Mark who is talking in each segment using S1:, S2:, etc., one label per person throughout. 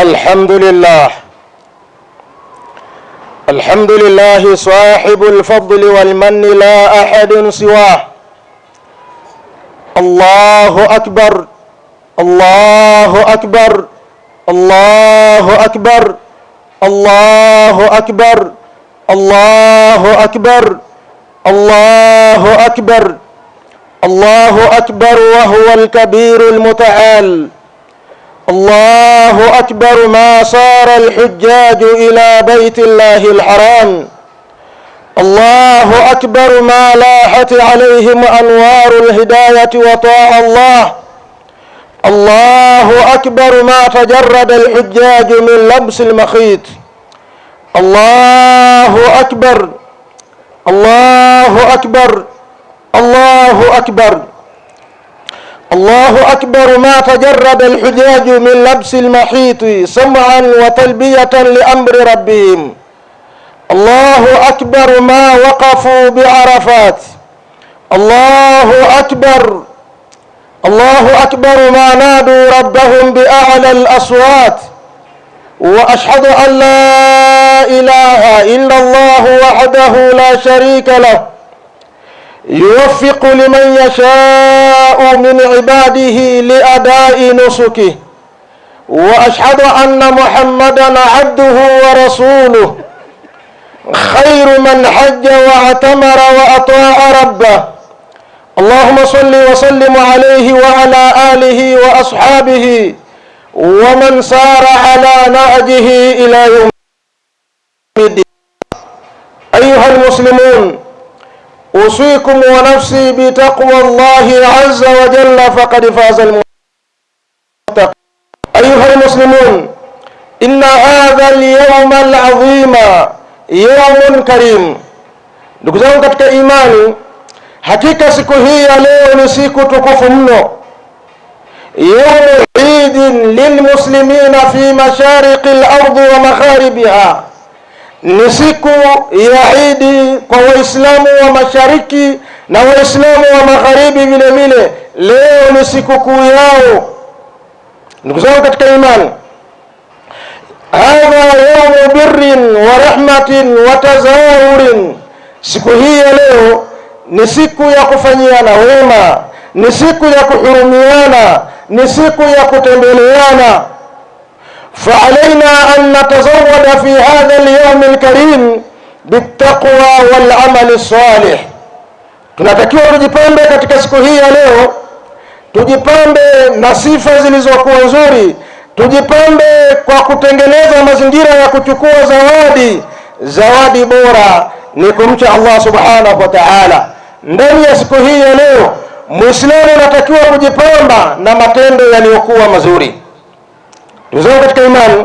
S1: الحمد لله الحمد لله صاحب الفضل والمن لا أحد سواه الله أكبر الله أكبر الله أكبر الله أكبر الله أكبر الله أكبر الله أكبر وهو الكبير المتعال الله أكبر ما صار الحجاج إلى بيت الله الحرام الله أكبر ما لاحت عليهم أنوار الهداية وطاع الله الله أكبر ما تجرد الحجاج من لبس المخيط الله أكبر الله أكبر الله أكبر الله أكبر ما تجرد الحجاج من لبس المحيط سمعا وتلبية لأمر ربهم الله أكبر ما وقفوا بعرفات الله أكبر الله أكبر ما نادوا ربهم بأعلى الأصوات وأشهد أن لا إله إلا الله وحده لا شريك له يوفق لمن يشاء من عباده لأداء نسكه وأشهد أن محمدا عبده ورسوله خير من حج واعتمر وأطاع ربه اللهم صل وسلم عليه وعلى آله وأصحابه ومن سار على نهجه إلى يوم الدين أيها المسلمون أوصيكم ونفسي بتقوى الله عز وجل فقد فاز المتقون أيها المسلمون إن هذا اليوم العظيم يوم كريم دكزان قد كإيمان حقيقة هي ليه نسيك تقف منه يوم عيد للمسلمين في مشارق الأرض ومغاربها ni siku ya Idi kwa Waislamu wa mashariki na Waislamu wa magharibi vile vile. Leo ni sikukuu yao. Ndugu zangu katika imani, hadha yaumu birin wa rahmatin wa tazawurin. Siku hii ya leo ni siku ya kufanyiana wema, ni siku ya kuhurumiana, ni siku ya kutembeleana فعلينا أن نتزود في هذا اليوم الكريم بالتقوى والعمل الصالح tunatakiwa tujipambe katika siku hii ya leo, tujipambe na sifa zilizokuwa nzuri, tujipambe kwa kutengeneza mazingira ya kuchukua zawadi. Zawadi bora ni kumcha Allah subhanahu wa ta'ala. Ndani ya siku hii ya leo, muislamu anatakiwa kujipamba na matendo yaliyokuwa mazuri. Ndugu zangu katika imani,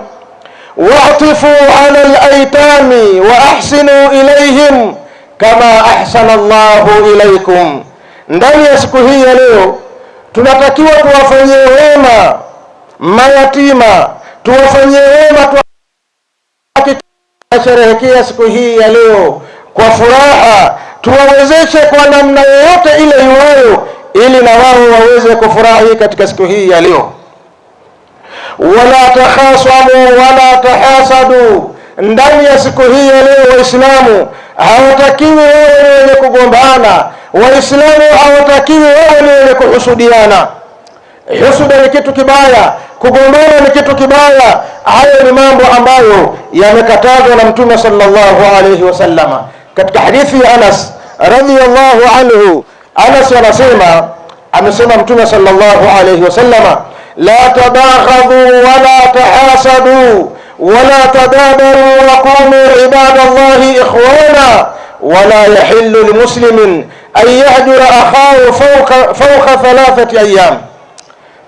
S1: wa'tifu ala al wa ahsinu ilaihim kama ahsana allah ilaikum. Ndani ya siku hii ya leo tunatakiwa tuwafanyie wema mayatima, tuwafanyie wema, tuwasherehekea siku hii ya leo kwa furaha, tuwawezeshe kwa namna yoyote ile iwayo, ili na wao waweze kufurahi katika siku hii ya leo wala takhasamu wala tahasadu. Ndani ya siku hii ya leo Waislamu hawatakiwi wawe ni wenye kugombana, Waislamu hawatakiwi wawe ni wenye kuhusudiana. Husuda ni kitu kibaya, kugombana ni kitu kibaya. Hayo ni mambo ambayo yamekatazwa na Mtume sallallahu alayhi wasallama. Katika hadithi ya Anas radhiyallahu anhu, Anas anasema, amesema Mtume sallallahu alayhi wasallama la tabaghadhu wala tahasadu wala tadabaru wa kunu ibadallahi ikhwana wala yahillu limuslimin an yahjura akhahu fawqa fawqa thalathati ayyam.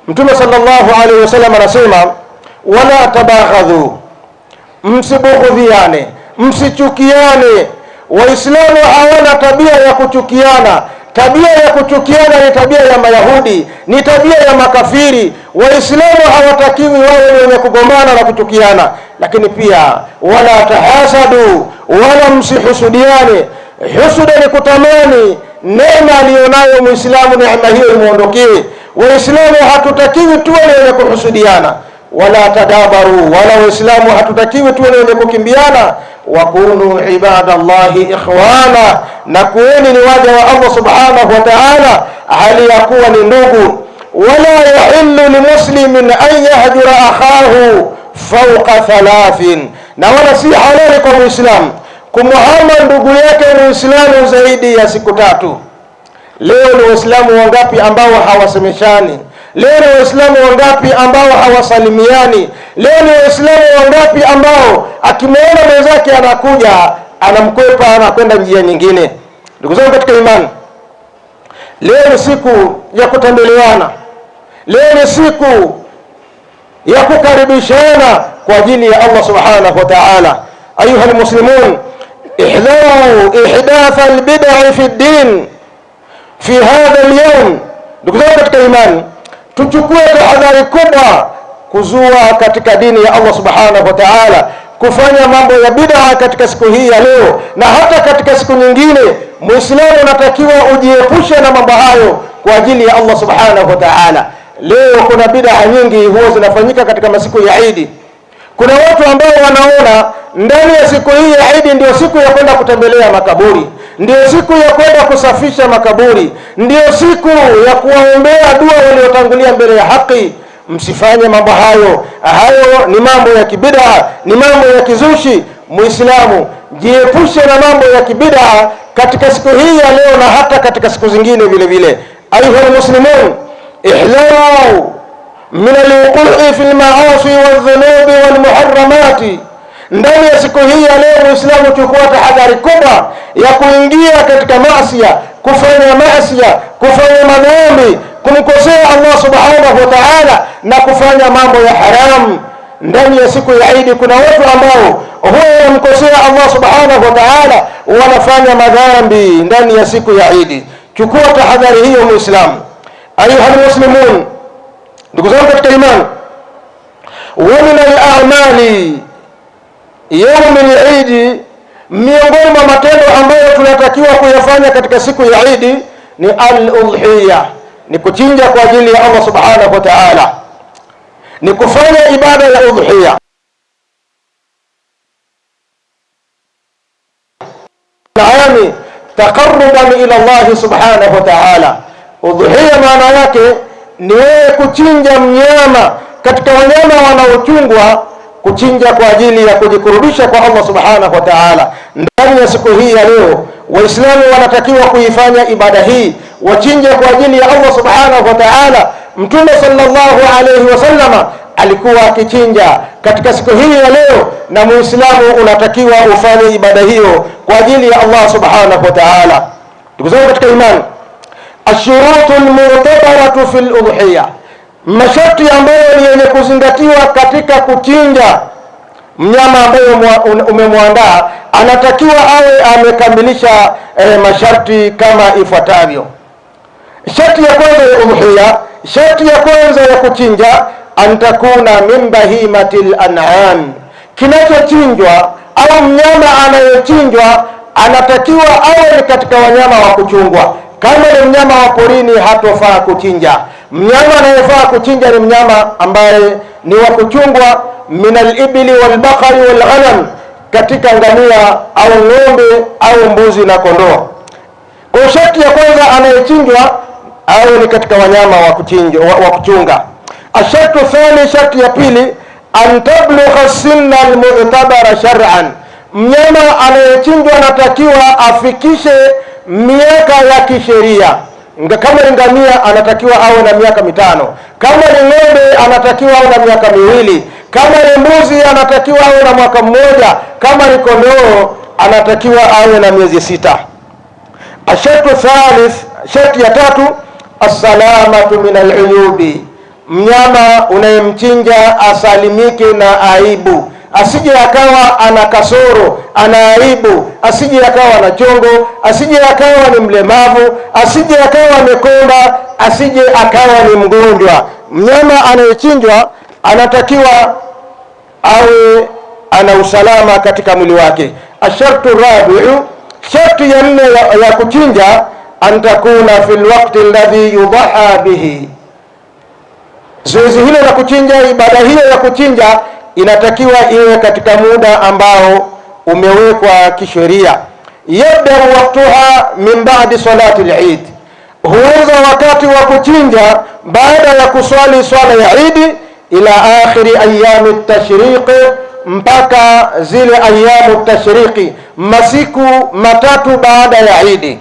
S1: Mtume sallallahu alaihi wasallam anasema wala tabaghadhu, msibughudhiane, msichukiane. Waislamu hawana tabia ya kuchukiana Tabia ya kuchukiana ni tabia ya Mayahudi, ni tabia ya makafiri. Waislamu hawatakiwi wawe wenye kugombana na kuchukiana, lakini pia wala tahasadu, wala msihusudiane. Husuda ni kutamani neema aliyonayo Muislamu, neema hiyo imwondokewe. Waislamu hatutakiwi tuwe ni wenye kuhusudiana, wala tadabaru, wala Waislamu hatutakiwi tuwe ni wenye kukimbiana wakunu ibada llahi ikhwana, na kuweni ni waja wa Allah subhanahu wa ta'ala, hali ya kuwa ni ndugu. Wala yahillu limuslimin an yahjura akhahu fauqa thalathin, na wala si halali kwa muislam kumuhama ndugu yake muislamu zaidi ya siku tatu. Leo ni waislamu wangapi ambao hawasemeshani Leo ni Waislamu wangapi ambao hawasalimiani? Leo ni Waislamu wangapi ambao akimwona mwenzake anakuja anamkwepa anakwenda njia nyingine? Ndugu zangu katika imani, leo ni siku ya kutembeleana, leo ni siku ya kukaribishana kwa ajili ya Allah subhanahu wa ta'ala. Ayuha almuslimun ihdharu ihdatha lbidai fi ddin fi hadha alyawm. Ndugu zangu katika imani tuchukue tahadhari kubwa kuzua katika dini ya Allah subhanahu wa ta'ala, kufanya mambo ya bid'a katika siku hii ya leo na hata katika siku nyingine. Muislamu unatakiwa ujiepushe na mambo hayo kwa ajili ya Allah subhanahu wa ta'ala. Leo kuna bid'a nyingi huwa zinafanyika katika masiku ya Idi. Kuna watu ambao wanaona ndani ya siku hii ya Idi ndio siku ya kwenda kutembelea makaburi. Ndiyo siku ya kwenda kusafisha makaburi, ndiyo siku ya kuwaombea dua waliotangulia mbele ya haki. Msifanye mambo hayo, hayo ni mambo ya kibidaa, ni mambo ya kizushi. Muislamu, jiepushe na mambo ya kibidaa katika siku hii ya leo na hata katika siku zingine vile vile. Ayuha ihlau min alwuqui fi lmaasi waldhunubi walmuharramati ndani ya siku hii ya leo, Muislamu chukua tahadhari kubwa ya kuingia katika masia, kufanya masia, kufanya madhambi, kumkosea Allah subhanahu wa ta'ala na kufanya mambo ya haram Ndani ya siku ya Idi kuna watu ambao huwa wamkosea Allah subhanahu wa ta'ala, wanafanya madhambi ndani ya siku ya Idi. Chukua tahadhari hiyo Muislamu. Ayuha muslimun, ndugu zangu katika imani, wa min al-a'mali yaumil idi, miongoni mwa matendo ambayo tunatakiwa kuyafanya katika siku ya idi ni al-udhiya, ni kuchinja kwa ajili ya Allah subhanahu wa ta'ala, ni kufanya ibada ya udhiya. Yaani taqarruban ila Allah subhanahu wa ta'ala, udhiya maana yake ni wewe kuchinja mnyama katika wanyama wanaochungwa kuchinja kwa ajili ya kujikurubisha kwa Allah subhanahu wa ta'ala. Ndani ya siku hii ya leo, Waislamu wanatakiwa kuifanya ibada hii, wachinje kwa ajili ya Allah subhanahu wa ta'ala. Mtume sallallahu alayhi wasallama alikuwa akichinja katika siku hii ya leo, na muislamu unatakiwa ufanye ibada hiyo kwa ajili ya Allah subhanahu wa ta'ala. Ndugu zangu katika imani, ashurutul mu'tabaratu fil udhiyah Masharti ambayo ni yenye kuzingatiwa katika kuchinja mnyama ambayo umemwandaa, anatakiwa awe amekamilisha e, masharti kama ifuatavyo. Sharti ya kwanza ya umhiya sharti ya kwanza ya kuchinja, antakuna min bahimati lanam kinachochinjwa au mnyama anayechinjwa anatakiwa awe ni katika wanyama wa kuchungwa kama ni mnyama wa porini hatofaa kuchinja. Mnyama anayefaa kuchinja ni mnyama ambaye ni wa kuchungwa, minal ibili wal bakari wal ghanam, katika ngamia au ng'ombe au mbuzi na kondoo. Kwa sharti ya kwanza anayechinjwa au ni katika wanyama wa kuchinjwa wa kuchunga. Ashartu thani, sharti ya pili, antablugha sinna almu'tabara shar'an, mnyama anayechinjwa anatakiwa afikishe miaka ya kisheria. Kama ni ngamia anatakiwa awe na miaka mitano, kama ni ng'ombe anatakiwa awe na miaka miwili, kama ni mbuzi anatakiwa awe na mwaka mmoja, kama ni kondoo anatakiwa awe na miezi sita. ashatu thalith, sharti ya tatu, assalamatu min aluyubi, mnyama unayemchinja asalimike na aibu asije akawa ana kasoro, ana aibu, asije akawa ana chongo, asije akawa ni mlemavu, asije akawa amekonda, asije akawa ni mgonjwa. Mnyama anayechinjwa anatakiwa awe ana usalama katika mwili wake. Ashartu rabiu, sharti ya nne ya, ya kuchinja, antakuna fi lwakti ladhi yudaha bihi. Zoezi hilo la kuchinja, ibada hiyo ya kuchinja inatakiwa iwe katika muda ambao umewekwa kisheria. Yabdau waktuha min ba'di salati lid, eid huanza wakati wa kuchinja baada ya kuswali swala ya idi ila akhiri ayami tashriqi, mpaka zile ayamu tashriqi, masiku matatu baada ya idi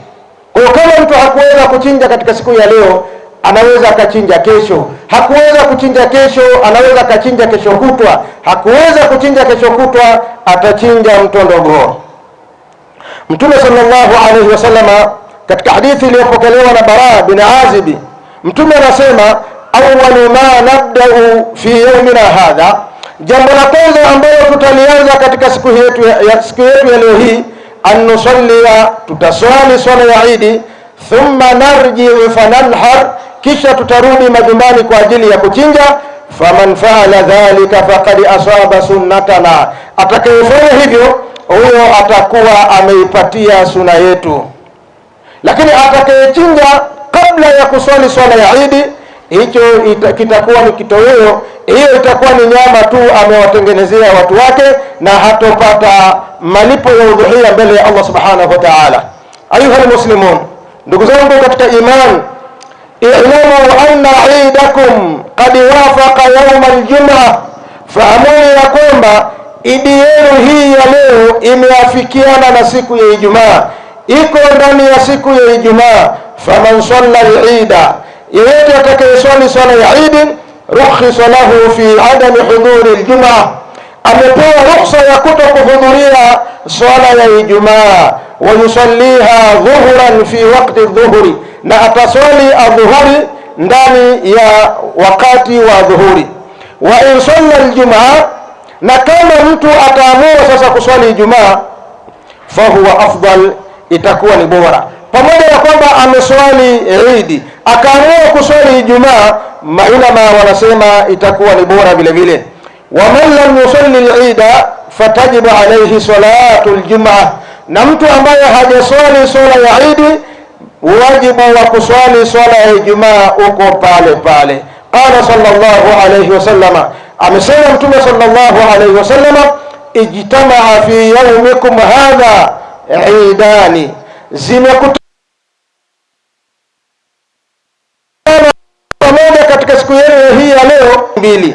S1: Kwa kama mtu hakuweza kuchinja katika siku ya leo anaweza akachinja kesho, hakuweza kuchinja kesho, anaweza akachinja kesho kutwa, hakuweza kuchinja kesho kutwa, atachinja ndogo Mtume sallallahu alaihi wasallama katika hadithi iliyopokelewa na Baraa bin Azibi, mtume anasema awwalu ma nabdau fi yaumina hadha, jambo la kwanza ambalo tutalianza katika siku yetu ya, siku yetu ya leo hii annusallia, tutaswali swala ya Idi, thumma narjiu fananhar kisha tutarudi majumbani kwa ajili ya kuchinja. faman faala dhalika faqad asaba sunnatana, atakayefanya hivyo huyo atakuwa ameipatia suna yetu. Lakini atakayechinja kabla ya kuswali swala ya Idi, hicho kitakuwa ni kitoweo. Hiyo itakuwa ni nyama tu amewatengenezea watu wake, na hatopata malipo ya udhuhia mbele ya Allah subhanahu wa ta'ala. Ayuha almuslimun, ndugu zangu katika imani اعلموا ان عيدكم قد وافق يوم aljumua, fahamuni ya kwamba idi yenu hii ya leo imeafikiana na siku ya Ijumaa, iko ndani ya siku ya Ijumaa. Faman salla al-ida, yeyote atakayeswali swala ya idi, rukhisa lahu fi adami huduri aljumua, amepewa rukhsa ya kuto kuhudhuria swala ya Ijumaa. Wayusaliha dhuhran fi waqti dhuhri na ataswali adhuhuri ndani ya wakati wa dhuhuri. Wa insalla salla aljumaa, na kama mtu ataamua sasa kuswali Ijumaa, fahuwa afdal, itakuwa ni bora pamoja na kwamba ameswali Idi akaamua kuswali Ijumaa, maulama wanasema itakuwa ni bora vile vile. Wa man lam yusalli al-Ida fatajibu alayhi salatu al-Jum'ah, na mtu ambaye hajaswali swala ya Idi wajibu wa kuswali swala ya Ijumaa uko pale pale. Qala sallallahu alayhi wasallama, amesema Mtume sallallahu alayhi wasallama, ijtamaa fi yaumikum hadha idani, zimekutana pamoja katika siku yenu hii ya leo mbili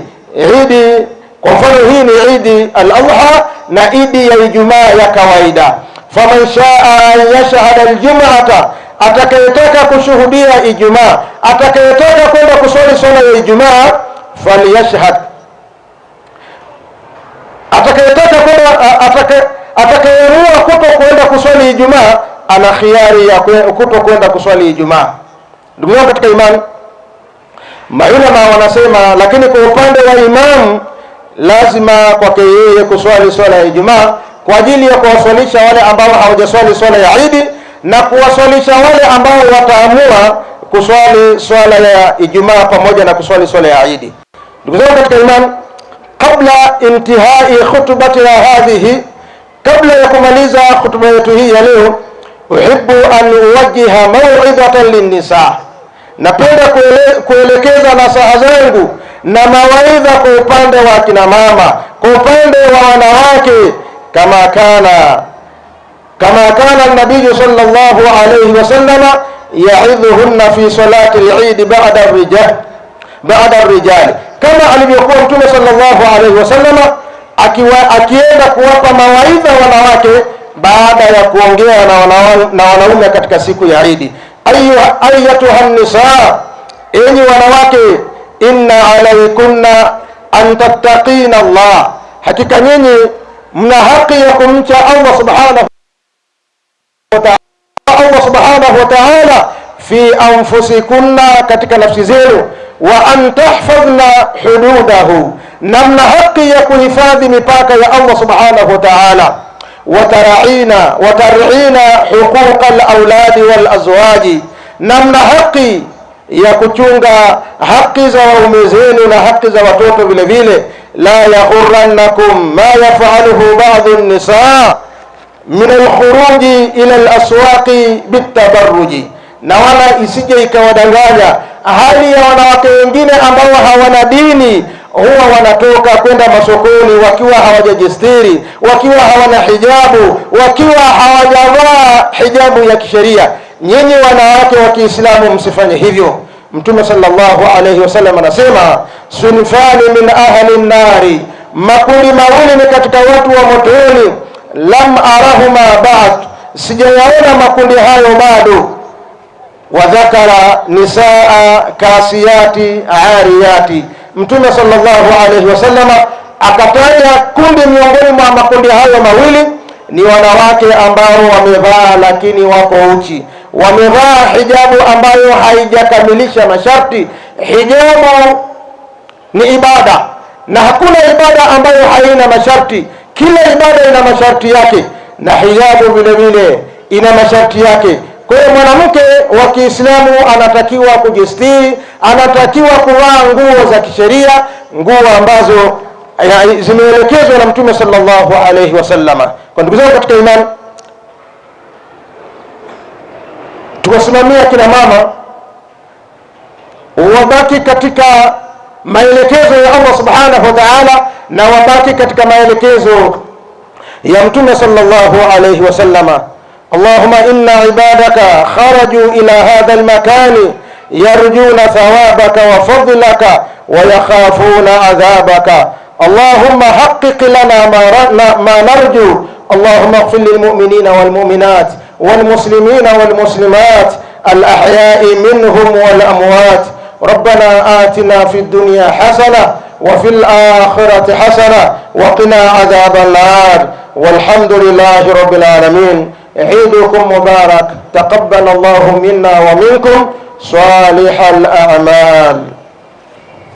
S1: idi. Kwa mfano hii ni idi al-Adha na idi ya Ijumaa ya kawaida. faman shaa an yashhada al-jum'ata atakayetaka kushuhudia Ijumaa, atakayetaka kwenda kuswali swala ya Ijumaa falyashhad, atakayetaka kwenda atakayeamua kuto kwenda kuswali Ijumaa ana khiari ya kuto kwenda kuswali Ijumaa. Ndugu zangu katika imani, maulama wanasema, lakini kwa upande wa imamu lazima kwake yeye kuswali swala ya Ijumaa kwa ajili ya kuwaswalisha wale ambao hawajaswali swala ya Idi na kuwaswalisha wale ambao wataamua kuswali swala ya Ijumaa pamoja na kuswali swala ya Idi. Ndugu zangu katika imani, kabla intihai ya hadhihi, kabla ya kumaliza khutba yetu hii ya leo, uhibbu an uwajiha mawidhatan linnisa, napenda kuele, kuelekeza nasaha zangu na mawaidha kwa upande wa kina mama, kwa upande wa wanawake, kama kana kama kana nabiyu sallallahu alayhi wasallama yaidhuhunna fi salati lidi bada rijal baada rijali, kama alivyokuwa Mtume sallallahu alayhi wasallama akienda kuwapa mawaidha wanawake baada ya kuongea na, wana, na wanaume katika siku ya Idi. Ayatuha nisaa, enyi wanawake, inna alaikunna an tattaqina Allah, hakika nyinyi mna haki ya kumcha Allah subhanahu Allah subhanahu wa ta'ala, fi anfusikunna, katika nafsi zenu, wa antahfadhna hududahu, na mna haki ya kuhifadhi mipaka ya Allah subhanahu wa ta'ala, wataraina watarina huquqa al-auladi wal azwaji, na mna haki ya kuchunga haki za waume zenu na haki za watoto vile vile. La yaghurrannakum ma yafaluhu ba'dhu an-nisaa min alkhuruji ila alaswaqi bitabarruji, na wala isije ikawadanganya hali ya wanawake wengine ambao hawana dini huwa wanatoka kwenda masokoni wakiwa hawajajistiri, wakiwa hawana hijabu, wakiwa hawajavaa hijabu ya kisheria. Nyinyi wanawake wa Kiislamu msifanye hivyo. Mtume sallallahu alayhi wasallam anasema sunfani min ahli nnari, makundi mawili ni katika watu wa motoni lam arahuma ba'd, sijayaona makundi hayo bado. Wadhakara nisaa kasiyati ariyati, Mtume sallallahu alayhi wasallam akataja kundi miongoni mwa makundi hayo mawili ni wanawake ambao wamevaa lakini wako uchi, wamevaa hijabu ambayo haijakamilisha masharti. Hijabu ni ibada na hakuna ibada ambayo haina masharti. Kila ibada ina masharti yake, na hijabu vile vile ina masharti yake. Kwa hiyo mwanamke wa Kiislamu anatakiwa kujistiri, anatakiwa kuvaa nguo za kisheria, nguo ambazo eh, zimeelekezwa na Mtume sallallahu alayhi wasallama. Kwa ndugu zangu katika imani, tuwasimamia kina mama wabaki katika maelekezo ya Allah subhanahu wa ta'ala na wabaki katika maelekezo ya mtume sallallahu alayhi wasallama اللهم إن عبادك خرجوا إلى هذا المكان يرجون ثوابك وفضلك ويخافون عذابك اللهم حقق لنا ما, ما نرجو اللهم اغفر للمؤمنين والمؤمنات والمسلمين والمسلمات الأحياء منهم والأموات ربنا آتنا في الدنيا حسنة وفي الآخرة حسنة وقنا عذاب النار والحمد لله رب العالمين عيدكم مبارك تقبل الله منا ومنكم صالح الأعمال